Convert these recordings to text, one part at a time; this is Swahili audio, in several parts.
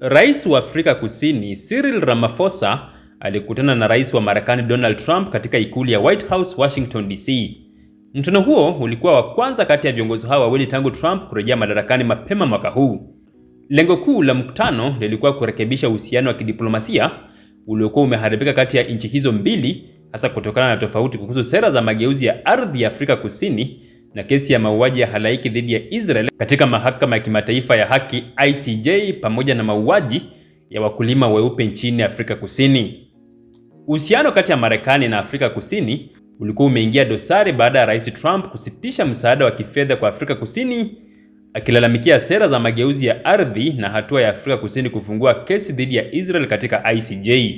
Rais wa Afrika Kusini Cyril Ramaphosa alikutana na Rais wa Marekani Donald Trump katika ikulu ya White House, Washington DC. Mkutano huo ulikuwa wa kwanza kati ya viongozi hao wawili tangu Trump kurejea madarakani mapema mwaka huu. Lengo kuu la mkutano lilikuwa kurekebisha uhusiano wa kidiplomasia uliokuwa umeharibika kati ya nchi hizo mbili, hasa kutokana na tofauti kuhusu sera za mageuzi ya ardhi ya Afrika Kusini na kesi ya mauaji ya halaiki dhidi ya Israel katika mahakama ya kimataifa ya haki ICJ pamoja na mauaji ya wakulima weupe nchini Afrika Kusini. Uhusiano kati ya Marekani na Afrika Kusini ulikuwa umeingia dosari baada ya Rais Trump kusitisha msaada wa kifedha kwa Afrika Kusini akilalamikia sera za mageuzi ya ardhi na hatua ya Afrika Kusini kufungua kesi dhidi ya Israel katika ICJ.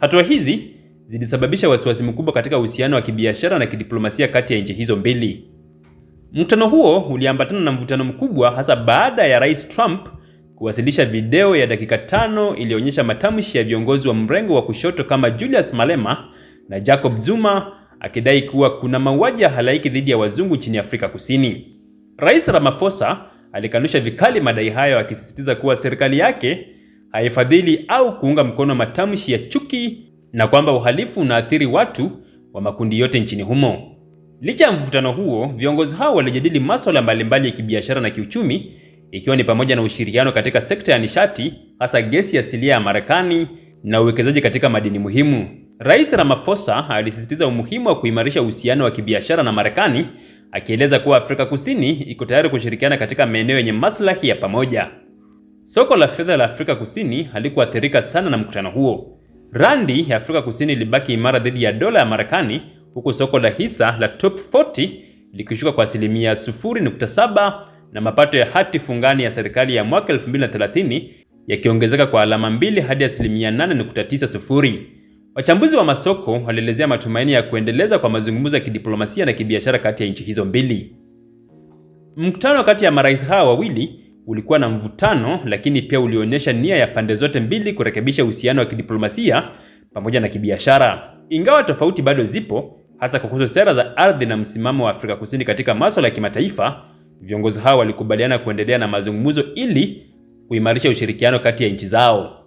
Hatua hizi zilisababisha wasiwasi mkubwa katika uhusiano wa kibiashara na kidiplomasia kati ya nchi hizo mbili. Mkutano huo uliambatana na mvutano mkubwa, hasa baada ya Rais Trump kuwasilisha video ya dakika tano iliyoonyesha matamshi ya viongozi wa mrengo wa kushoto kama Julius Malema na Jacob Zuma akidai kuwa kuna mauaji ya halaiki dhidi ya wazungu nchini Afrika Kusini. Rais Ramaphosa alikanusha vikali madai hayo, akisisitiza kuwa serikali yake haifadhili au kuunga mkono matamshi ya chuki na kwamba uhalifu unaathiri watu wa makundi yote nchini humo. Licha ya mvutano huo, viongozi hao walijadili masuala mbalimbali ya kibiashara na kiuchumi, ikiwa ni pamoja na ushirikiano katika sekta ya nishati, hasa gesi asilia ya Marekani na uwekezaji katika madini muhimu. Rais Ramaphosa alisisitiza umuhimu wa kuimarisha uhusiano wa kibiashara na Marekani, akieleza kuwa Afrika Kusini iko tayari kushirikiana katika maeneo yenye maslahi ya pamoja. Soko la fedha la Afrika Kusini halikuathirika sana na mkutano huo. Randi ya Afrika Kusini ilibaki imara dhidi ya dola ya Marekani huku soko la hisa la Top 40 likishuka kwa asilimia 0.7 na mapato ya hati fungani ya serikali ya mwaka 2030 yakiongezeka kwa alama mbili hadi asilimia 8.90. Wachambuzi wa masoko walielezea matumaini ya kuendeleza kwa mazungumzo ya kidiplomasia na kibiashara kati ya nchi hizo mbili. Mkutano kati ya marais hawa wawili ulikuwa na mvutano, lakini pia ulionyesha nia ya pande zote mbili kurekebisha uhusiano wa kidiplomasia pamoja na kibiashara. Ingawa tofauti bado zipo, hasa kuhusu sera za ardhi na msimamo wa Afrika Kusini katika masuala ya kimataifa, viongozi hao walikubaliana kuendelea na mazungumzo ili kuimarisha ushirikiano kati ya nchi zao.